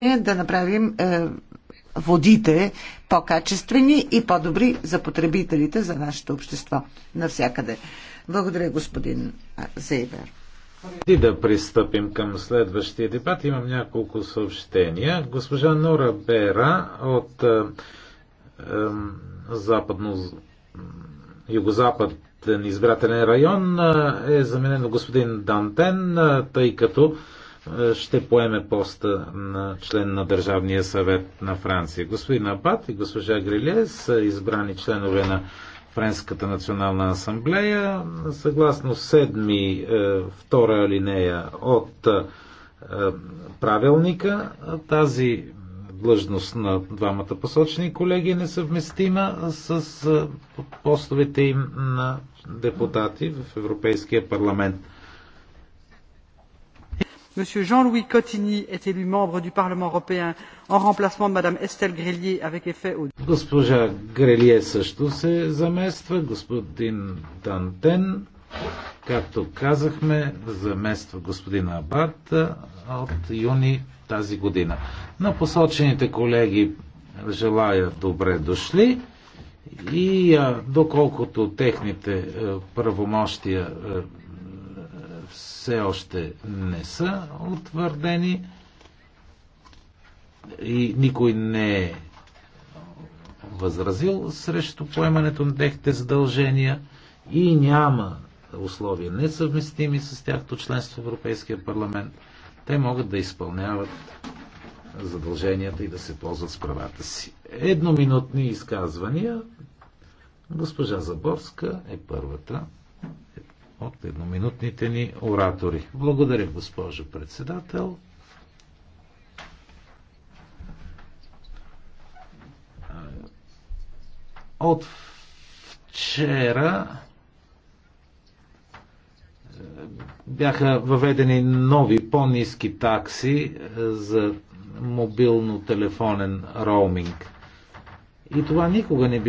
Е да направим е, водите по-качествени и по-добри за потребителите, за нашето общество навсякъде. Благодаря, господин Зейбер. Преди да пристъпим към следващия дебат, имам няколко съобщения. Госпожа Нора Бера от е, е, западно югозападен избирателен район е заменен господин Дантен, е, тъй като е, ще поеме поста на член на Държавния съвет на Франция. Господин Абат и госпожа Гриле са избрани членове на Френската национална асамблея съгласно седми е, втора алинея от е, правилника. Тази длъжност на двамата посочени колеги е несъвместима с постовете им на депутати в Европейския парламент m. jean louis cottigny est élu membre du parlement européen en remplacement de mme estelle grelier avec effet au Госпожа Грелие също се замества, господин Дантен, както казахме, замества господин Абат от юни тази година. На посочените колеги желая добре дошли и доколкото техните правомощия все още не са утвърдени и никой не е възразил срещу поемането на техните задължения и няма условия несъвместими с тяхто членство в Европейския парламент, те могат да изпълняват задълженията и да се ползват с правата си. Едноминутни изказвания. Госпожа Заборска е първата от едноминутните ни оратори. Благодаря, госпожо председател. От вчера е, бяха въведени нови, по-низки такси е, за мобилно-телефонен роуминг. И това никога не би